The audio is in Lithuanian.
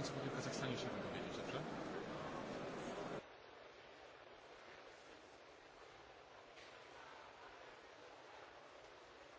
obecności Republiki Kazachstanie się